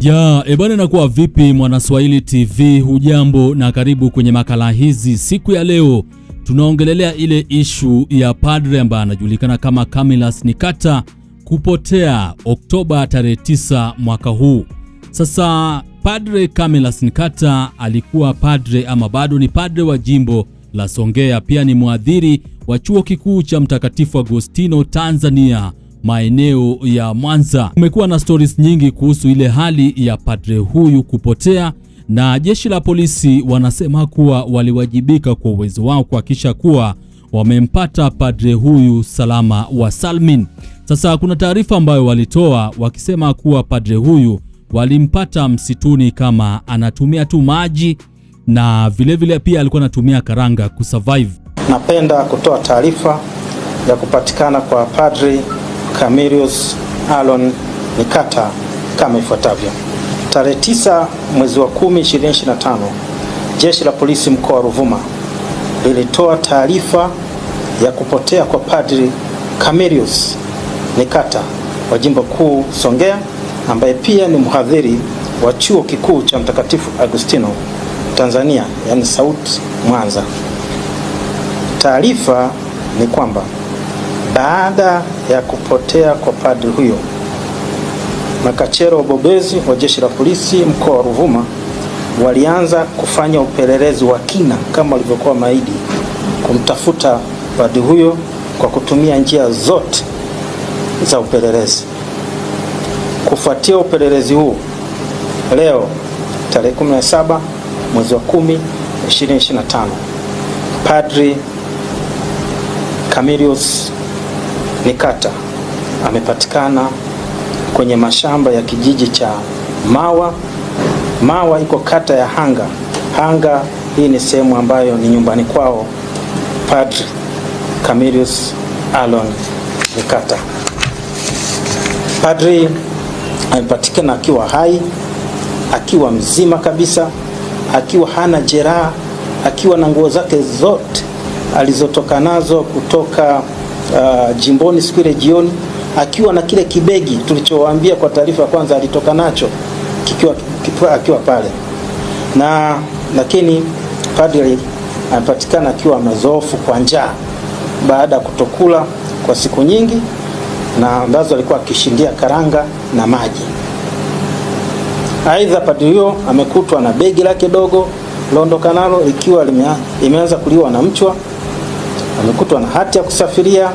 Ya ebana, inakuwa vipi Mwanaswahili TV? Hujambo na karibu kwenye makala hizi. Siku ya leo tunaongelelea ile ishu ya padre ambaye anajulikana kama Camillus Nikata kupotea Oktoba tarehe 9 mwaka huu. Sasa padre Camillus Nikata alikuwa padre ama bado ni padre wa jimbo la Songea, pia ni mwadhiri wa chuo kikuu cha Mtakatifu Agostino Tanzania maeneo ya Mwanza. Kumekuwa na stories nyingi kuhusu ile hali ya padre huyu kupotea, na jeshi la polisi wanasema kuwa waliwajibika kwa uwezo wao kuhakikisha kuwa wamempata padre huyu salama wa Salmin. Sasa kuna taarifa ambayo walitoa wakisema kuwa padre huyu walimpata msituni kama anatumia tu maji na vilevile vile pia alikuwa anatumia karanga kusurvive. Napenda kutoa taarifa ya kupatikana kwa padri Camillus Alon Nikata kama ifuatavyo. Tarehe 9 mwezi wa 10 2025, jeshi la polisi mkoa wa Ruvuma lilitoa taarifa ya kupotea kwa Padri Camillus Nikata wa jimbo kuu Songea, ambaye pia ni mhadhiri wa chuo kikuu cha Mtakatifu Agustino Tanzania, yani SAUT Mwanza. Taarifa ni kwamba baada ya kupotea kwa padri huyo, makachero wabobezi wa jeshi la polisi mkoa wa Ruvuma walianza kufanya upelelezi wa kina kama walivyokuwa maidi kumtafuta padri huyo kwa kutumia njia zote za upelelezi. Kufuatia upelelezi huu, leo tarehe 17 mwezi wa 10 2025, Padri Camillus Nikata amepatikana kwenye mashamba ya kijiji cha Mawa. Mawa iko kata ya Hanga. Hanga hii ni sehemu ambayo ni nyumbani kwao Padri camilius Alon Nikata. Padri amepatikana akiwa hai, akiwa mzima kabisa, akiwa hana jeraha, akiwa na nguo zake zote alizotoka nazo kutoka uh, jimboni siku ile jioni akiwa na kile kibegi tulichowaambia kwa taarifa ya kwanza alitoka nacho kikiwa, kikiwa, akiwa pale na lakini padri amepatikana akiwa mazoofu kwa njaa baada ya kutokula kwa siku nyingi na ambazo alikuwa akishindia karanga na maji. Aidha, padri huyo amekutwa na begi lake dogo liliondoka nalo likiwa limeanza kuliwa na mchwa amekutwa na hati ya kusafiria.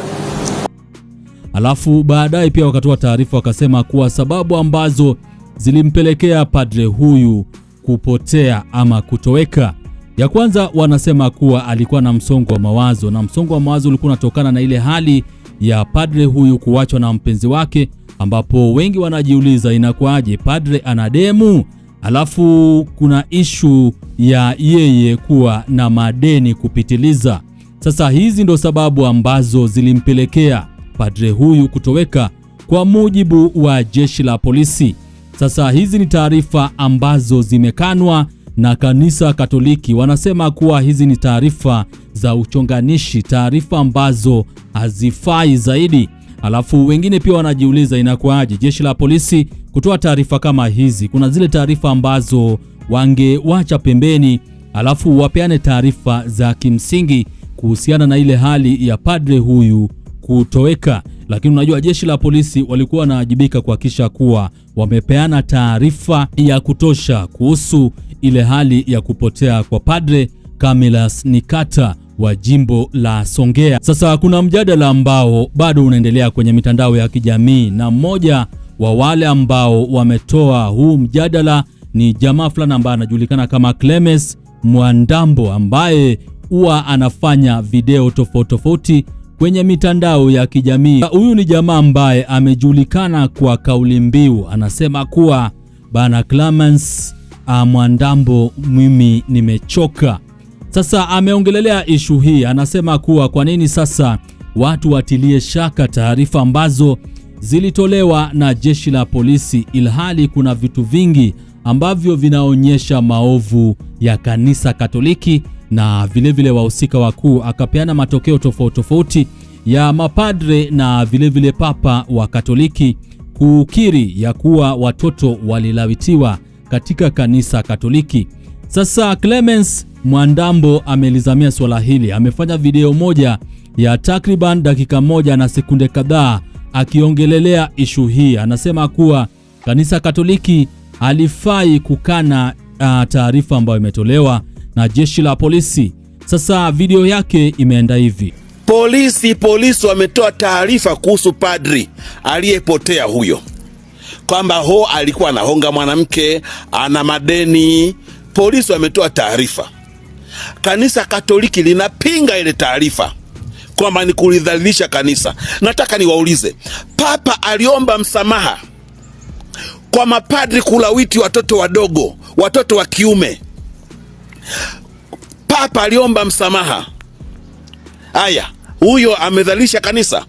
Alafu baadaye pia wakatoa taarifa wakasema kuwa sababu ambazo zilimpelekea padre huyu kupotea ama kutoweka, ya kwanza wanasema kuwa alikuwa na msongo wa mawazo, na msongo wa mawazo ulikuwa unatokana na ile hali ya padre huyu kuachwa na mpenzi wake, ambapo wengi wanajiuliza inakuwaje padre ana demu alafu kuna ishu ya yeye kuwa na madeni kupitiliza. Sasa hizi ndo sababu ambazo zilimpelekea padre huyu kutoweka kwa mujibu wa jeshi la polisi. Sasa hizi ni taarifa ambazo zimekanwa na kanisa Katoliki. Wanasema kuwa hizi ni taarifa za uchonganishi, taarifa ambazo hazifai zaidi. Alafu wengine pia wanajiuliza inakuwaje jeshi la polisi kutoa taarifa kama hizi? Kuna zile taarifa ambazo wangewacha pembeni, alafu wapeane taarifa za kimsingi kuhusiana na ile hali ya padre huyu kutoweka, lakini unajua jeshi la polisi walikuwa wanawajibika kuhakikisha kuwa wamepeana taarifa ya kutosha kuhusu ile hali ya kupotea kwa padre Camillus Nikata wa jimbo la Songea. Sasa kuna mjadala ambao bado unaendelea kwenye mitandao ya kijamii na mmoja wa wale ambao wametoa huu mjadala ni jamaa fulani ambaye anajulikana kama Clemens Mwandambo ambaye huwa anafanya video tofauti tofauti kwenye mitandao ya kijamii. Huyu ni jamaa ambaye amejulikana kwa kauli mbiu, anasema kuwa bana Clemence ah, Mwandambo, mimi nimechoka. Sasa ameongelelea ishu hii, anasema kuwa kwa nini sasa watu watilie shaka taarifa ambazo zilitolewa na jeshi la polisi, ilhali kuna vitu vingi ambavyo vinaonyesha maovu ya kanisa Katoliki na vilevile wahusika wakuu, akapeana matokeo tofauti tofauti ya mapadre na vilevile vile papa wa Katoliki kukiri ya kuwa watoto walilawitiwa katika kanisa Katoliki. Sasa Clemens Mwandambo amelizamia swala hili, amefanya video moja ya takriban dakika moja na sekunde kadhaa akiongelelea ishu hii. Anasema kuwa kanisa Katoliki halifai kukana uh, taarifa ambayo imetolewa na jeshi la polisi. Sasa video yake imeenda hivi: polisi polisi wametoa taarifa kuhusu padri aliyepotea huyo, kwamba ho alikuwa anahonga mwanamke, ana madeni. Polisi wametoa taarifa. Kanisa Katoliki linapinga ile taarifa kwamba ni kulidhalilisha kanisa. Nataka niwaulize, Papa aliomba msamaha kwa mapadri kulawiti watoto wadogo, watoto wa kiume. Papa aliomba msamaha. Haya, huyo amedhalisha kanisa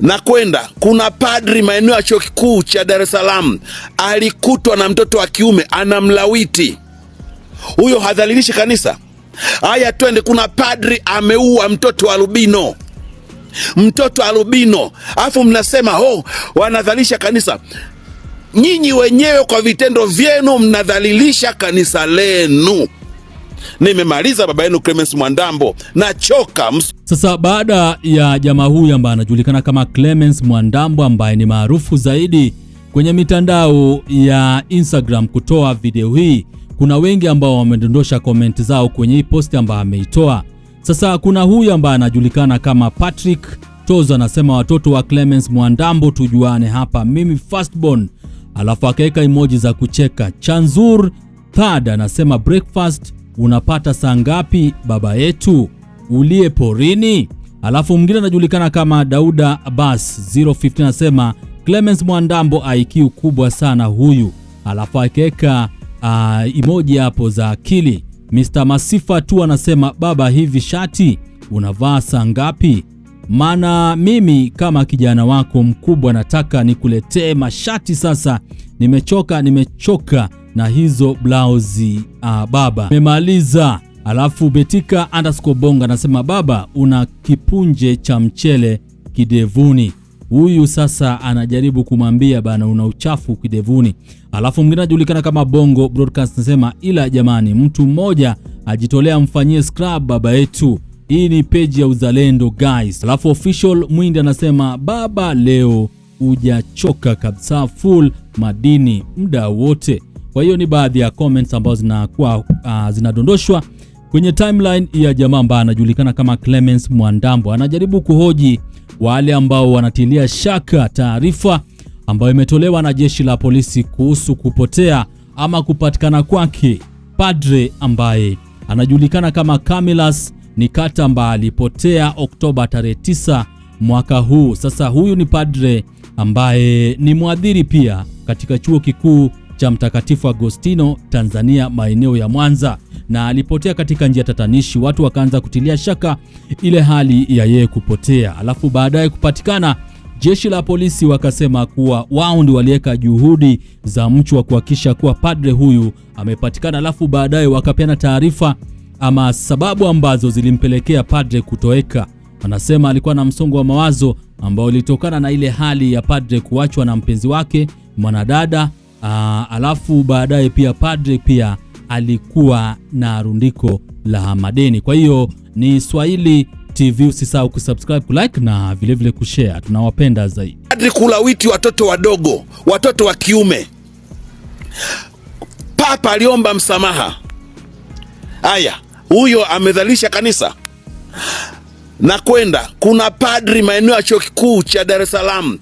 na kwenda. Kuna padri maeneo ya chuo kikuu cha Dar es Salaam alikutwa na mtoto wa kiume anamlawiti. Huyo hadhalilishi kanisa. Haya, twende. Kuna padri ameua mtoto albino, mtoto albino, alafu mnasema ho, oh, wanadhalisha kanisa nyinyi wenyewe kwa vitendo vyenu mnadhalilisha kanisa lenu. Nimemaliza baba yenu Clemens Mwandambo, nachoka. Sasa baada ya jamaa huyu ambaye anajulikana kama Clemens Mwandambo ambaye ni maarufu zaidi kwenye mitandao ya Instagram kutoa video hii, kuna wengi ambao wamedondosha komenti zao kwenye hii posti ambayo ameitoa. Sasa kuna huyu ambaye anajulikana kama Patrick Tozo anasema, watoto wa Clemens Mwandambo tujuane hapa, mimi firstborn alafu akaweka emoji za kucheka. Chanzur Thad anasema breakfast unapata saa ngapi baba yetu uliye porini? Alafu mwingine anajulikana kama Dauda bas 015 anasema Clemens Mwandambo IQ kubwa sana huyu, alafu akaweka uh, ah, emoji hapo za akili. Mr Masifa tu anasema baba, hivi shati unavaa saa ngapi? maana mimi kama kijana wako mkubwa nataka nikuletee mashati sasa. Nimechoka, nimechoka na hizo blauzi ah, baba nimemaliza. Alafu Betika underscore bonga anasema baba, una kipunje cha mchele kidevuni. Huyu sasa anajaribu kumwambia bana, una uchafu kidevuni. Alafu mwingine anajulikana kama Bongo Broadcast anasema ila jamani, mtu mmoja ajitolea mfanyie scrub baba yetu hii ni peji ya uzalendo guys. Alafu official Mwindi anasema baba, leo hujachoka kabisa, full madini muda wote. Kwa hiyo ni baadhi ya comments ambazo zinakuwa uh, zinadondoshwa kwenye timeline ya jamaa ambaye anajulikana kama Clemens Mwandambo. Anajaribu kuhoji wale ambao wanatilia shaka taarifa ambayo imetolewa na jeshi la polisi kuhusu kupotea ama kupatikana kwake padre ambaye anajulikana kama Camillus ni Katamba alipotea Oktoba tarehe 9 mwaka huu. Sasa huyu ni padre ambaye ni mwadhiri pia katika chuo kikuu cha Mtakatifu Agostino Tanzania, maeneo ya Mwanza, na alipotea katika njia tatanishi. Watu wakaanza kutilia shaka ile hali ya yeye kupotea, alafu baadaye kupatikana. Jeshi la polisi wakasema kuwa wao ndio waliweka juhudi za mchwa kuhakikisha kuwa padre huyu amepatikana, alafu baadaye wakapeana taarifa ama sababu ambazo zilimpelekea padre kutoweka. Anasema alikuwa na msongo wa mawazo ambao ulitokana na ile hali ya padre kuachwa na mpenzi wake mwanadada. alafu baadaye pia padre pia alikuwa na rundiko la madeni. Kwa hiyo ni Swahili TV, usisahau kusubscribe, kulike na vilevile vile kushare. Tunawapenda zaidi. Padri kulawiti watoto wadogo, watoto wa kiume. Papa aliomba msamaha. Haya, huyo amedhalisha kanisa na kwenda. Kuna padri maeneo ya chuo kikuu cha Dar es Salaam.